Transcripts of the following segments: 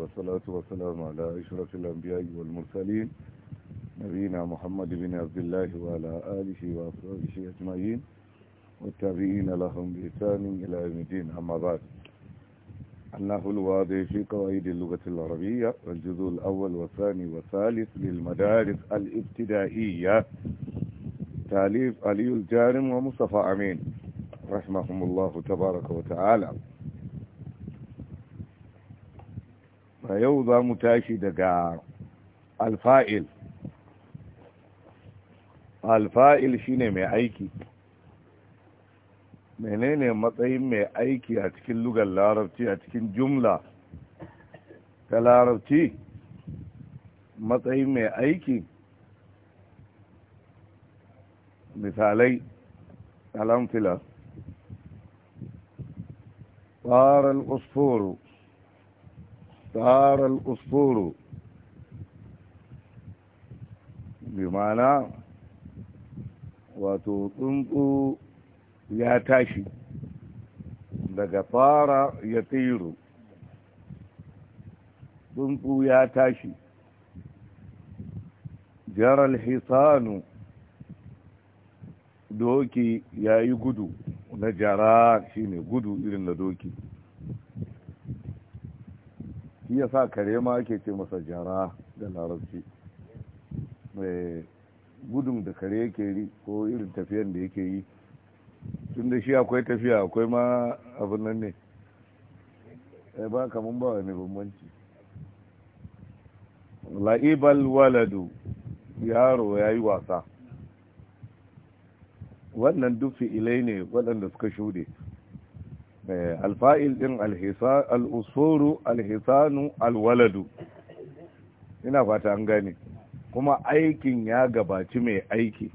والصلاة والسلام على أشرف الأنبياء والمرسلين نبينا محمد بن عبد الله وعلى آله وأصحابه أجمعين والتابعين لهم بإحسان إلى يوم الدين أما بعد النحو الواضح في قواعد اللغة العربية الجزء الأول والثاني والثالث للمدارس الابتدائية تاليف علي الجارم ومصطفى أمين رحمهم الله تبارك وتعالى a yau za mu tashi daga alfa'il alfa'il shine mai aiki menene matsayin mai aiki a cikin lugar larabci a cikin jumla ta larabci matsayin mai aiki misalai alamfila ƙwarar ƙusforo صار الأسطور bimana wato tsuntsu ya tashi daga fara ya tsiro tsuntsu ya tashi jaral hisanu doki ya yi gudu na jara shine gudu irin na doki shi ya sa kare ma ake ce masa jara da larabci mai eh, gudun da kare yake yi ko irin tafiyan da yake yi tun da shi akwai tafiya akwai ma abin nan ne ya eh, ba kamun ba mai bambanci la'ibal waladu yaro ya yi wasa wannan duk fi'ilai ne waɗanda suka shuɗe Eh, alfa'il din al'usuru alhisanu alwaladu ina fata an gane kuma aikin ya gabaci mai aiki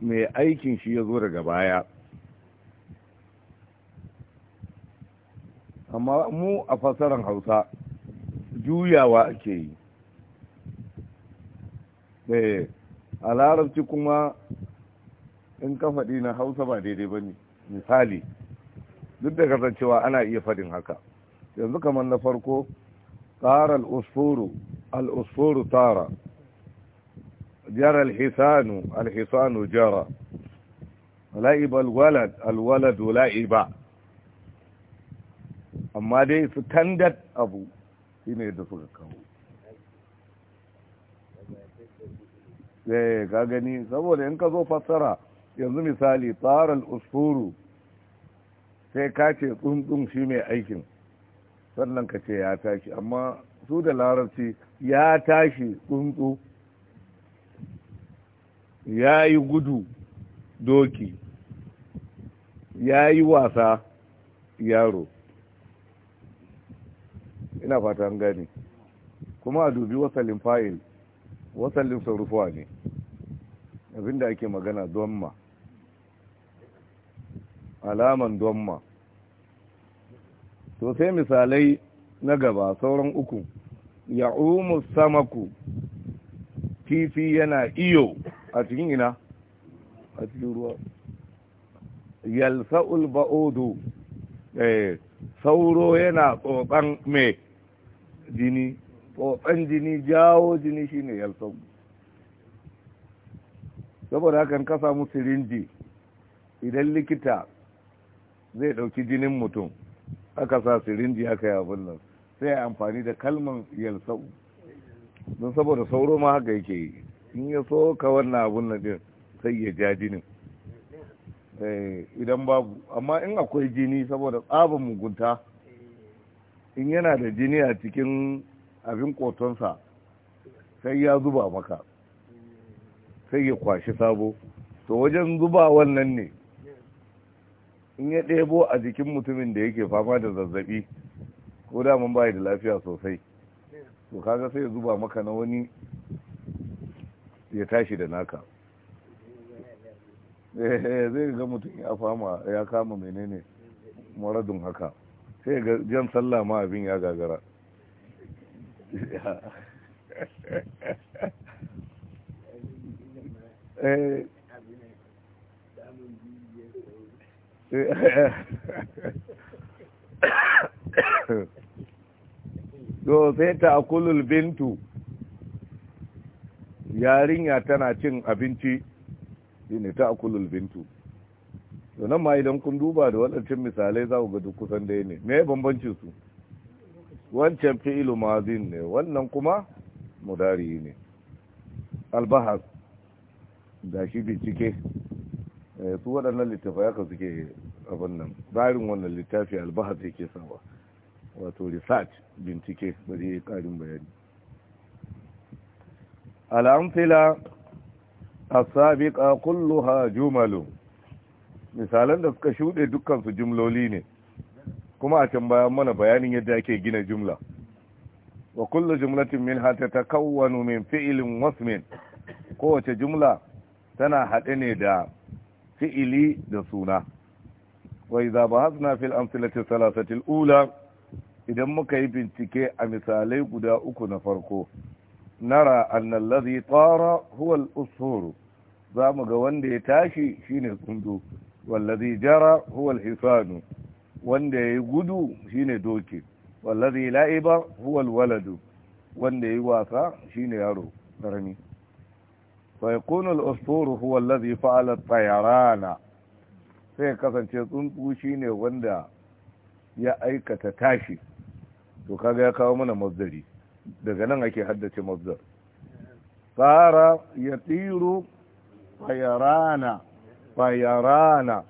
mai aikin shi ya zo daga baya amma mu a fasaran hausa juyawa ake yi eh, a larabci kuma in ka faɗi na hausa ba daidai ba ne misali duk da kasancewa ana iya faɗin haka yanzu kamar na farko tsara al'usfuru al'usfuru tara jar alhisanu alhisanu jara la'iba alwalad alwaladu la'iba amma dai standard abu shi ne da suka kawo ga eh, gani saboda in ka zo fassara yanzu misali tsara al'usfuru sai ka ce tsuntsun shi mai aikin sannan ka ce ya tashi amma su da larabci ya tashi tsuntsu ya yi gudu doki ya yi wasa yaro ina fata an gani kuma a dubi wasalin fayil wasalin sarufuwa ne abinda ake magana don ma alaman domma to sai misalai na gaba sauran uku ya umu samaku kifi yana iyo a cikin ina a cikin ruwa yalsa'ul ba'udu eh, sauro yana tsotsan mai jini tsotsan jini jawo jini shine yalsa'u saboda hakan kasa musulunci idan likita zai ɗauki jinin mutum aka sa sirinji aka yi abin nan sai ya amfani da kalman yalsau don saboda sauro ma haka yake yi in ya so ka wannan abin nan din sai ya ja jinin eh, idan babu amma in akwai jini saboda tsabin mugunta in yana da jini a cikin abin kotonsa sai ya zuba maka sai ya kwashi sabo to wajen zuba wannan ne in ya ɗebo a jikin mutumin da yake fama da zazzaɓi ko daman bayi da lafiya sosai to kaga sai ya zuba maka na wani ya tashi da naka eh, zai ga mutum ya fama ya kama menene maradun haka sai ga jan sallah ma abin ya gagara eh Eh, to sai ta akulul bintu yarinya tana cin abinci shine ta akulul bintu to nan ma idan kun duba da waɗancan misalai za ku ga duk kusan dai ne me bambancin su wancan fi'ilu mazin ne wannan kuma mudari ne da shi bincike Eh, su waɗannan littafai haka suke abin nan tsarin wannan littafi albahar yake sawa wato research bincike ba zai yi ƙarin bayani al'amfila a asabiqa ha jumalu misalan da suka shuɗe dukkan jumloli ne kuma a can bayan mana bayanin yadda ake gina jumla wa kullu jumlatin ta tatakawwanu min fi'lin wasmin kowace jumla tana haɗe ne da fi'ili da suna wai za ba hasna fil amsalati salasatil ula idan muka yi bincike a misalai guda uku na farko nara annal tsara huwal huwa al za mu ga wanda ya tashi ne tsundu wallazi jara huwal hisanu wanda ya gudu shine doki wallazi la'iba huwal waladu wanda ya wasa shine yaro ƙarami. فيكون الأسطور هو الذي فعل الطيران sai kasance tsuntsu shi ne wanda ya aikata tashi to kaga ya kawo mana mazdari daga nan ake haddace mazdar tsara ya tiro fayarana fayarana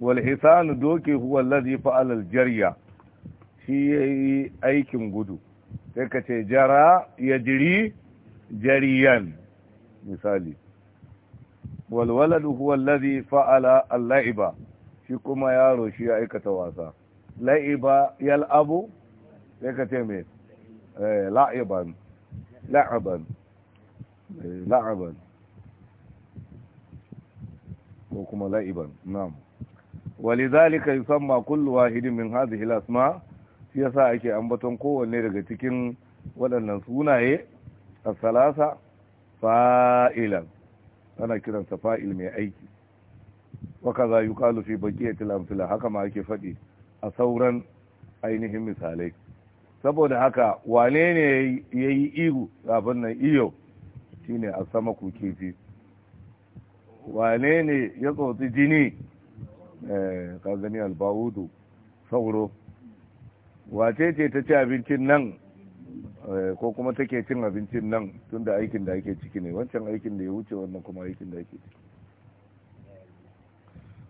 walhisanu doke huwa lazi fa'alal jariya shi ya yi aikin gudu sai ka ce jara ya jiri jariyan misali walwaladu huwa allazi fa'ala al-la'iba shi kuma yaro shi ya aikata wasa la'iba yal'abu sai ka ce mai eh, la'iban la'aban eh, la'aban ko kuma la'iban na'am ولذلك يسمى كل واحد من هذه الأسماء shi yasa ake ambaton kowanne daga cikin waɗannan sunaye salasa fa'ilan ana kiransa fa'il mai aiki waka za yi kalu fi bakiyatil haka ma ake faɗi a sauran ainihin misalai saboda haka wane ne ya yi ihu kafin nan iyo shine a sama ku kifi wane ne ya tsotsi jini eh, ka albaudu sauro wace ce ta ci abincin nan eh, ko kuma take cin abincin nan tun da aikin da ake ciki ne wancan aikin da ya wuce wannan kuma aikin da ake ciki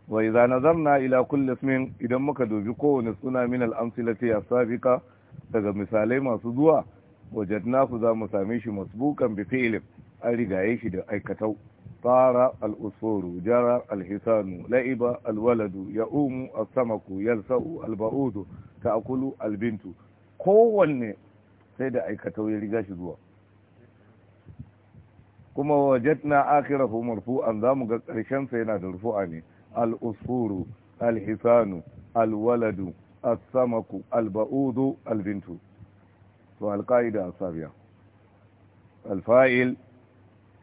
wa idza nazarna ila kulli ismin idan muka dubi kowane suna min al-amsilati as-sabiqa daga misalai masu zuwa ku za mu same shi masbukan bi fi'il an rigaye shi da aikatau طار الأصفور جرى الحسان لعب الولد يؤوم السمك يلسأ البعوض تأكل البنت Kowane sai da aikatau ya riga shi zuwa kuma wajatna akhirahu marfu'an zamu ga karshen sa yana da rufu'a ne al-usfuru al-hisanu al-waladu as-samaku to al-qaida asabiya al-fa'il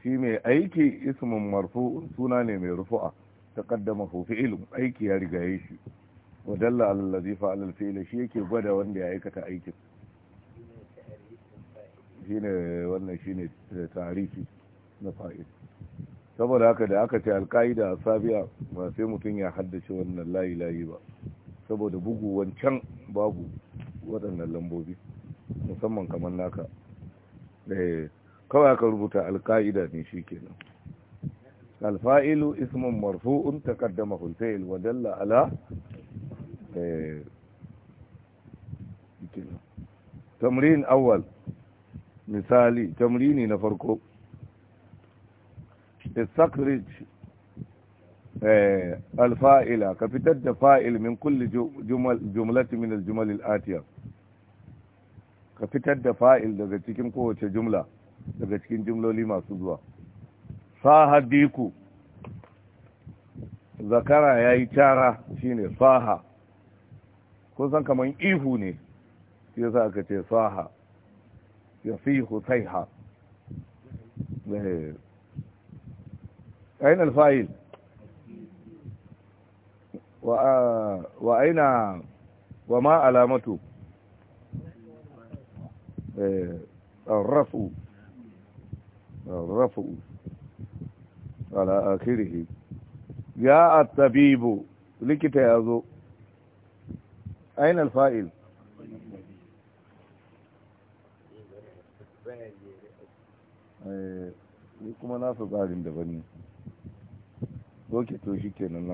shi mai aiki ismin marfu suna ne mai rufu'a ta kaddama fi ilm aiki ya riga ya shi wadalla alallazi fa'alal fi'ila shi yake gwada wanda ya aikata aikin shine wannan shine tarihi na fa'il saboda haka da aka ce alƙa'ida a sabiya ba sai mutum ya haddace wannan layi-layi ba saboda bugu wancan babu waɗannan lambobi musamman kamar naka eh, kawai aka rubuta alka'ida ne shi ke nan alfa'ilu ismin marfu'un taqaddama hulfa'il wa dalla ala eh, tamrin awal misali tamrini na farko istakhrij eh, alfa'ila ka fitar da fa'il min kulli jumlatin min aljumal alatiya ka fitar da fa'il daga cikin kowace jumla daga cikin jimloli masu zuwa saha diku zakara ya yi tara shine saha kun san kamar ihu ne shi yasa aka ce saha ya fi husaiha eh. ainihin fa'il wa aina wa ma alamatu eh, rafu رفعوا على آخره ya الطبيب لكتا likita أين الفائل ni kuma na fi tsarin da bane to shi kenan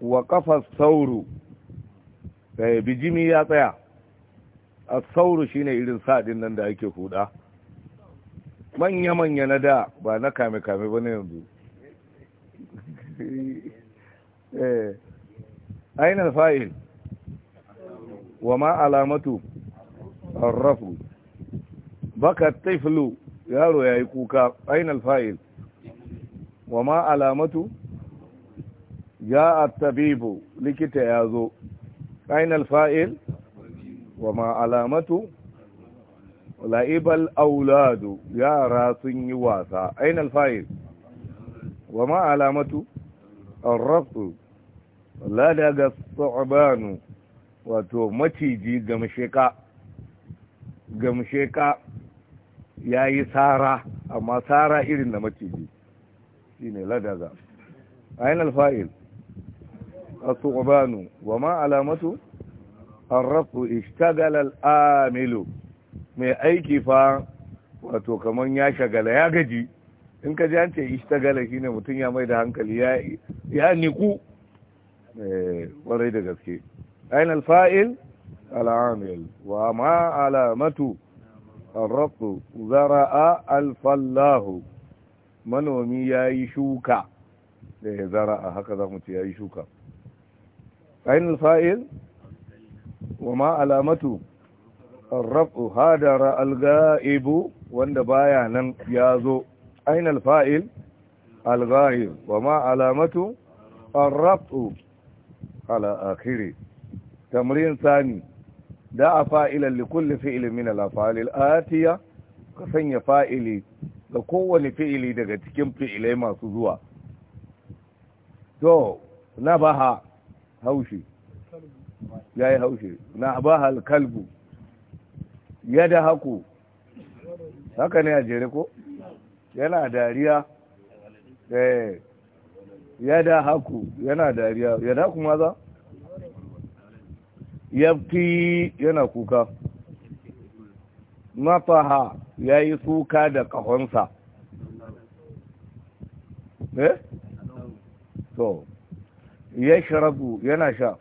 wa kafa sauru bijimi ya tsaya a sauru shine irin sa'adin nan da ake huda manya-manya na da ba na kame-kame ba na yanzu eh. ainihin fa'il wa ma alamatu rafu baka taiflu yaro ya yi kuka ainihin fa'il wa ma alamatu ya attabibu likita ya zo ainihin fa'il Wama alamatu la'ibal auladu yara sun yi wasa aina alfa'il wa ma alamatu arrafu la daga tsa'banu wato maciji gamsheka gamsheka ya yi tsara amma tsara irin da maciji shi ne ladaga ainihin alfa'il a tsubanu wa ma alamatu arrafu ishtagalal amilu mai aiki fa wato kamar ya shagala ya gaji in ka ji an ce ishtagala shine mutum ya mai da hankali ya ya niku warai da gaske ayin alfa'il al'amil wa ma alamatu arrafu zara'a alfallahu manomi ya yi shuka da zara'a haka za mu ce ya yi shuka ayin fa'il. wama alamatu rafu hadara alga'ibu wanda baya nan ya zo aina alfa'il alga'ib wama alamatu rafu ala akhiri tamrin sani da a fa'ilan li kulli fi'lin min al ka sanya fa'ili ga kowane fi'ili daga cikin fi'ilai masu zuwa to na baha haushi ya yi haushe na ba halkalbu ya da haku haka ne a jere ko yana dariya eh ya da haku yana dariya ya da haku maza ya fi yana kuka mafaha ya yi suka da ƙahonsa eh? so ya sharabu yana sha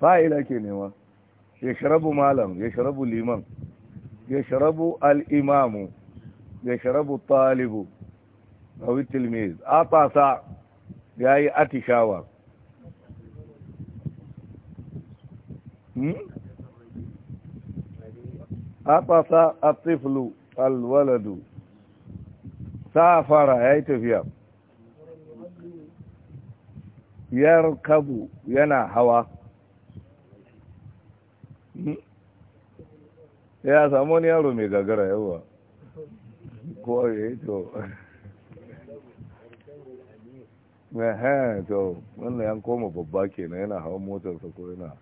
fa'ila ke nema ya sharabu malam ya sharabu liman ya sharabu al'imamu ya sharabu talibu a witil maiz a fasa ya yi atishawa hmm? a fasa a tiflu alwaladu fara ya yi tafiya yar kabu yana hawa ya samu wani yaro mai gagara yawa ko ya eh, yi to to wannan yan koma babba kenan yana hawan motarsa ko yana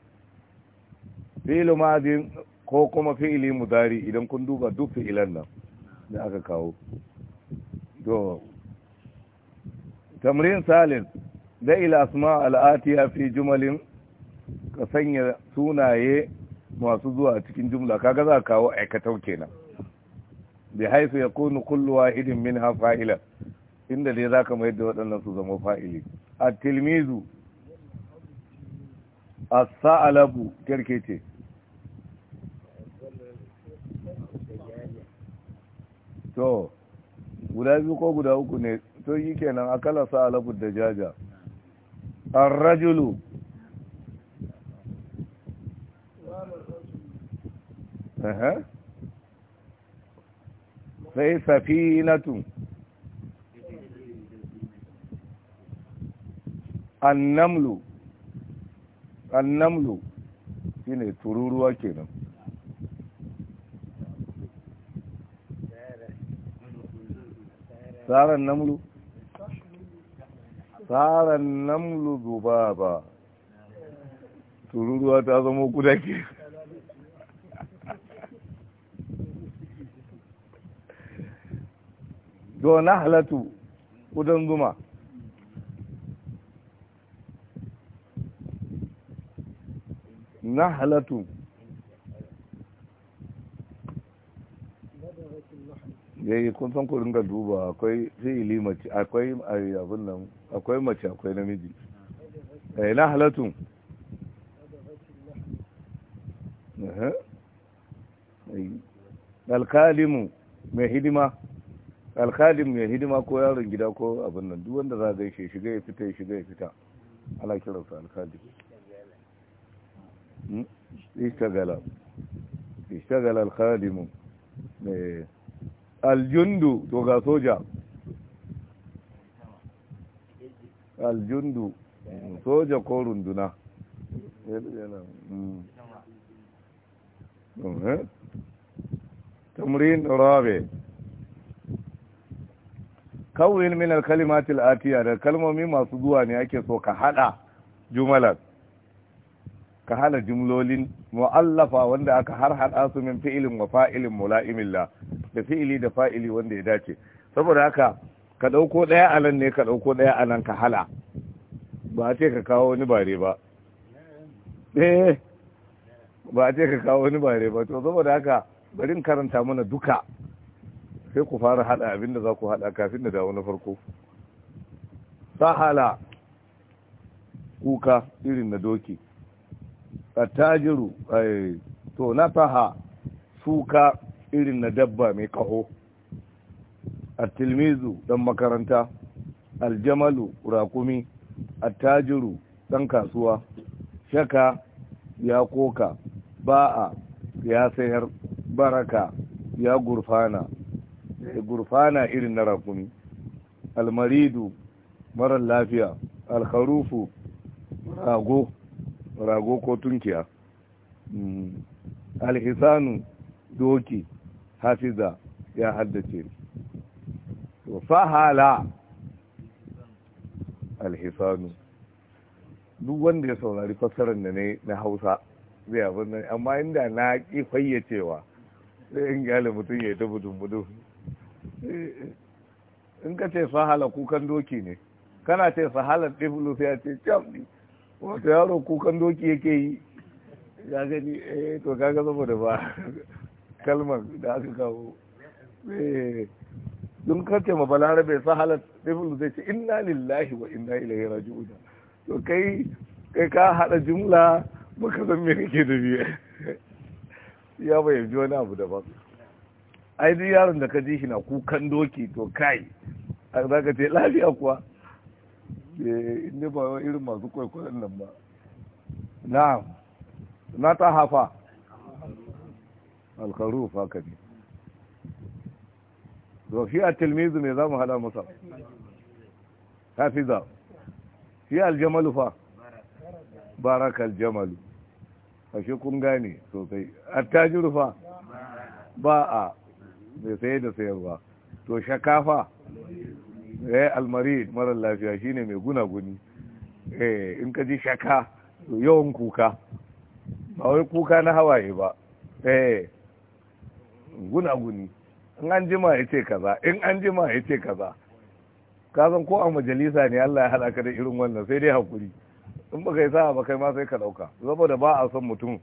fi'ilu ma'adin ko kuma fi'ili mudari idan kun duba duk fi'ilan nan da aka kawo to tamrin salis da ila asma al'atiya fi jumalin ka sanya sunaye masu zuwa cikin jumla kaga za kawo aikatau kenan bi haifu ya kunu kullu wahidin min ha fa'ila inda dai za ka mayar da waɗannan su zama fa'ili a tilmizu a sa'alabu ce. to guda biyu ko guda uku ne to yi kenan akala sa'alabu da jaja an rajulu sai safinatu annamlu annamlu ne tururuwa kenan tsaran namlu tsaran namlu ba tururuwa ta zama kuda kenan to na halatu ƙudan zuma na halatu yayi kun san ku ringa duba akwai fi'ili mace akwai abin nan akwai mace akwai namiji eh na halatu eh alkalimu mai hidima alkhadim mai hidima ko yaron gida ko abin nan duk wanda za gaishe shiga ya fita ya shiga ya fita ala kiransa alkhadim hmm? ishtagala ishtagala alkhadimu eh, aljundu to ga soja aljundu soja ko runduna hmm. eh? tamrin rabe kawil min al-kalimatil atiya da kalmomi masu zuwa ne ake so ka hada jumalar ka hada jumlolin mu'allafa wanda aka har hada su min fi'ilin wa fa'ilin mula'imilla da fi'ili da fa'ili wanda ya dace saboda haka ka dauko daya anan ne ka dauko daya anan ka hala ba a ce ka kawo wani bare ba eh ba a ce ka kawo wani bare ba to saboda haka bari in karanta mana duka sai ku fara hada abin da za ku hada kafin da dawo na farko sahala kuka irin na doki attajiru to na faha suka irin na dabba mai kaho attilmizu dan makaranta aljamalu rakumi attajiru dan kasuwa shaka ya koka ba'a ya sayar baraka ya gurfana Eh, gurfana irin na rakumi almaridu marar lafiya alkharufu rago rago ko tunkiya mm. alhisanu doki hafiza ya haddace fahala alhisanu duk wanda ya saurari fassarar da ne na hausa zai abin nan amma inda na ƙi fayyacewa sai in gyale mutum ya yi ta budun in ka ce sahala kukan doki ne kana ce sahalar ɗiflu sai a ce camɗi wato yaro kukan doki yake yi ya gani eh to kaga saboda ba kalmar da aka kawo dun eh, kace ma balarabe sahalat ɗiflu sai ce inna lillahi wa inna ilaihi raji'un to kai kai ka haɗa jumla baka san me kake da biya ya bayyanci wani abu da ba. ai duk yaron da ka ji shi na kukan doki to kai a za ka ce lafiya kuwa eh, inda ba irin masu kwaikwayon nan ba na na ta hafa alkaru faka ne to shi a tilmizu ne za mu hada masa hafiza shi aljamalu fa baraka aljamalu a shi kun gane sosai attajiru fa ba a mai saye da sayarwa to shakafa eh almarid mara lafiya shine mai gunaguni eh in ka ji shaka to yawan kuka ba wai kuka na hawaye ba eh gunaguni in an jima ya ce kaza in an jima ya ce kaza ka san ko a majalisa ne Allah ya haɗa ka da irin wannan sai dai hakuri in baka yi sa'a ba kai ma sai ka ɗauka saboda ba a son mutum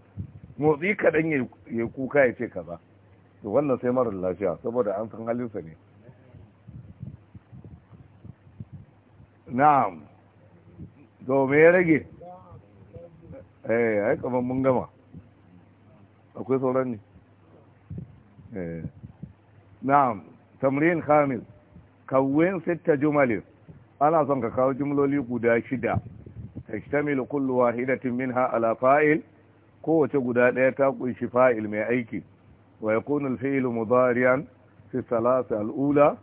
motsi kaɗan ya kuka ya ce kaza to wannan sai marar lafiya saboda an san halinsa ne na'am to me ya rage eh ai kamar mun gama akwai sauran ne eh na'am tamrin khamis kawwin sita jumali ana son ka kawo jumloli guda shida tashtamilu kullu wahidatin minha ala fa'il kowace guda ɗaya ta kunshi fa'il mai aiki ويكون الفعل مضارعا في الثلاثة الأولى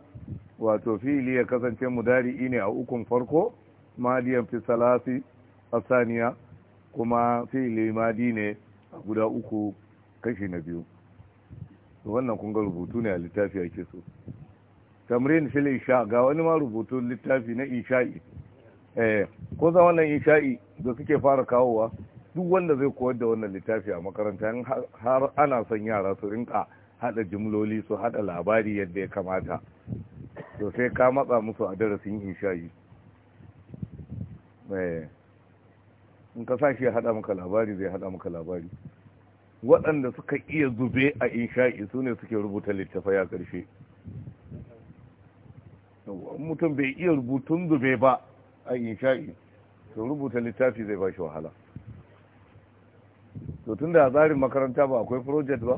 وتفعيل يكسن مضارعين أو أكم فرقه ماضيا في الثلاثة الثانية كما فعل ماضي guda uku kashi na biyu wannan kun ga rubutu ne a littafi ake so tamrin fil isha ga wani ma rubutu littafi na isha'i eh, ko za wannan isha'i da suke fara kawowa duk wanda zai koyar da wannan littafi a makaranta har ana son yara su rinka hada jimloli su hada labari yadda ya kamata to sai ka matsa musu a darasin mai eh, in ka sashi ya hada maka labari zai hada maka labari waɗanda suka iya zube a insha'i su ne suke rubuta littafai a ƙarshe mutum bai iya rubutun zube ba a insha'i to rubuta littafi zai ba shi wahala to tun da tsarin makaranta ba akwai project ba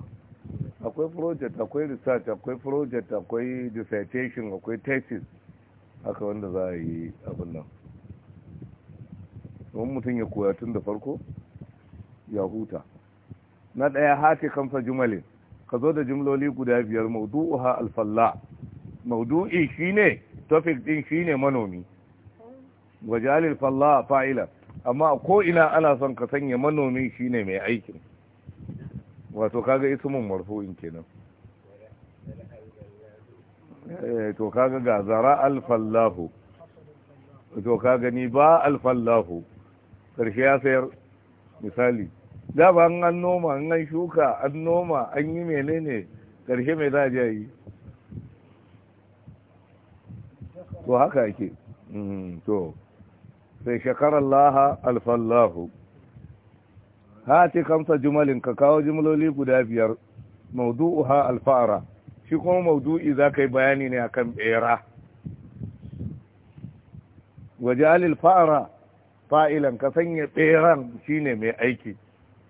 akwai project akwai research akwai project akwai dissertation akwai thesis haka wanda za a yi abin nan wani mutum ya koya tun da farko ya huta na ɗaya hati kamfa jumale ka zo da jimloli guda biyar maudu'u ha alfalla maudu'i shine topic din shine manomi wajalil falla fa'ila amma ko ina ana son ka sanya manomi shine mai aikin wato kaga ismun marfu'in kenan eh, to kaga ga zara alfallahu to kaga ni ba alfallahu karshe ya sayar misali da ba an noma an shuka an noma an yi menene karshe mai za a yi to haka ake mm, to sai shekarar laha alfallahu hati kamsa jimalin ka kawo jimloli guda biyar maudu’u ha alfara shi kuma maudu'i za ka yi bayani ne akan bera waje alilfara fa'ilan ka sanya beran shine mai aiki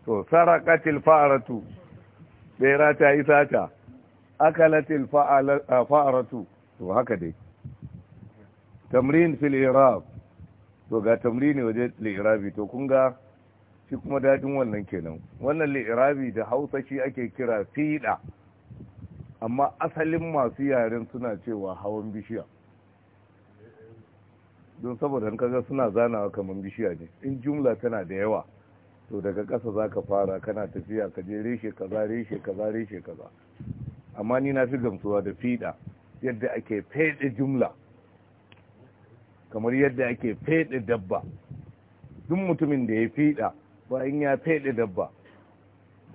to sarakatil fa'aratu bera ta yi sata akalatil fa'aratu to haka dai tamrin fil iraq to ga tamri ne waje li'irabi to kun ga shi kuma daɗin wannan kenan wannan li'irabi da hausa shi ake kira fiɗa amma asalin masu yaren suna cewa hawan bishiya don saboda in kaga suna zanawa kamar bishiya ne in jumla tana da yawa to daga ƙasa za ka fara kana tafiya ka je reshe kaza reshe kaza reshe kaza amma ni na fi gamsuwa da fiɗa yadda ake feɗe jumla kamar yadda ake fede dabba duk mutumin da ya fiɗa bayan ya fede dabba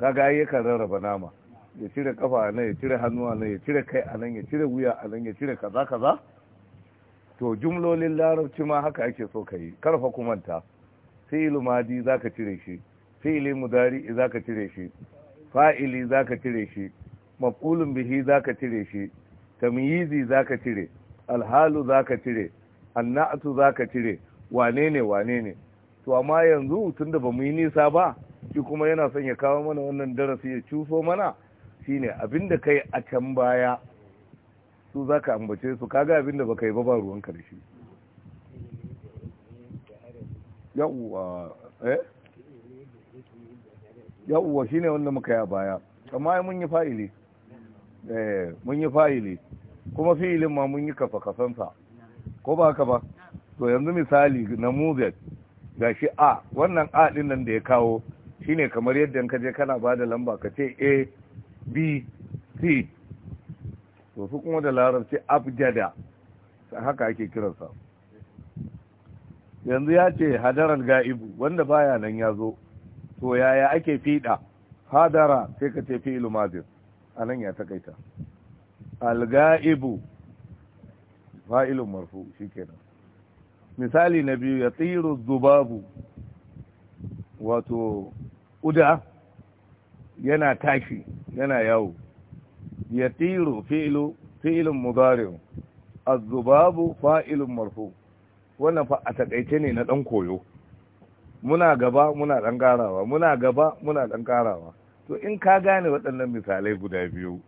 kaga ya kan rarraba nama ya cire kafa a nan ya cire hannu a nan ya cire kai a nan ya cire wuya a nan ya cire kaza kaza to jumlolin larabci ma haka ake so ka yi karfa kumanta fi'il madi zaka cire shi fi'il mudari zaka cire shi fa'ili zaka cire shi maf'ulun bihi zaka cire shi tamyizi zaka cire alhalu zaka cire annatu za ka cire wane ne wane ne to amma yanzu tun da ba mu yi nisa ba shi kuma yana son ya kawo mana wannan darasi ya cufo mana shine abin da kai a can baya su za ka ambace su kaga abin da ba ba ba ruwan karshe yawuwa eh? shi ne wanda muka yi a baya amma mun yi fa'ili eh, mun yi fa'ili kuma fi'ilin ma mun yi kafa kafansa ko ba haka ba to yanzu misali na muzet ga shi a wannan a din nan da ya kawo shine kamar yadda ka je kana ba da lamba ka ce a b c to su kuma da larabci abjada haka ake kiransa yanzu ya ce hadarar ga'ibu wanda baya nan ya zo to yaya ake fiɗa hadara sai ka ce fi mazir a nan ya takaita gaibu fa'ilun marfu kenan, misali na biyu ya tsiru zubabu wato uda yana tashi yana yawo ya tsiru fi'ilun mudari'u az-zubabu fa'ilun marfu wannan fa a taƙaice ne na ɗan koyo muna gaba muna ɗan ƙarawa, muna gaba muna ɗan ƙarawa, to in ka gane waɗannan misalai guda biyu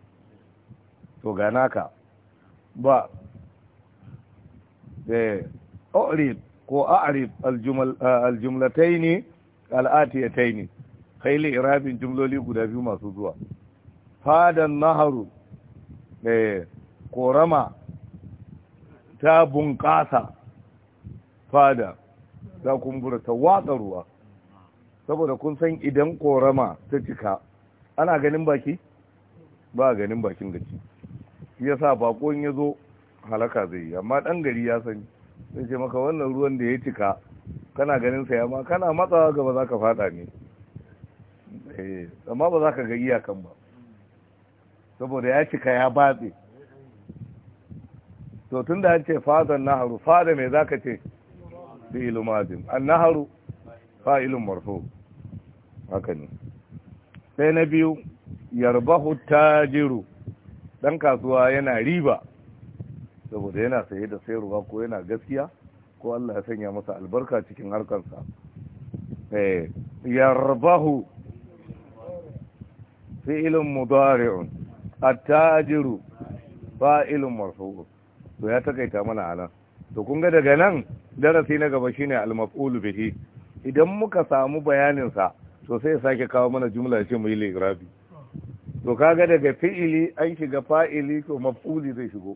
to ganaka naka ba أعرض eh, ko a'rif eh, aljumlataini al'atiyataini kai irabin jumloli guda biyu masu zuwa fadan naharu eh korama ta bunƙasa fada za kumbura ta watsa ruwa saboda kun san idan korama ta cika ana ganin baki ba ganin bakin gaci yasa bakon ya zo halaka zai yi amma ɗan gari ya sani zai ce maka wannan ruwan da ya cika kana ganin sa yamma kana matsawa gaba za ka fada ne eh, amma ba za ka ga iyakan ba saboda ya cika ya batse to tun da an ce fadan naharu fada mai za ka ce fi'ilu mazim an naharu ilim marfo haka ne sai na biyu yarbahu tajiru dan kasuwa yana riba saboda yana saye da sayarwa ko yana gaskiya ko Allah ya sanya masa albarka cikin harkarsa eh yarbahu fi'ilun mudari'un attajiru fa'ilun marfu to ya takaita mana ala to kun ga daga nan darasi na gaba shine al-maf'ul bihi idan muka samu bayanin sa to sai ya sake kawo mana jumla ya ce mu yi ligrabi to kaga daga fi'ili an shiga fa'ili to maf'uli zai shigo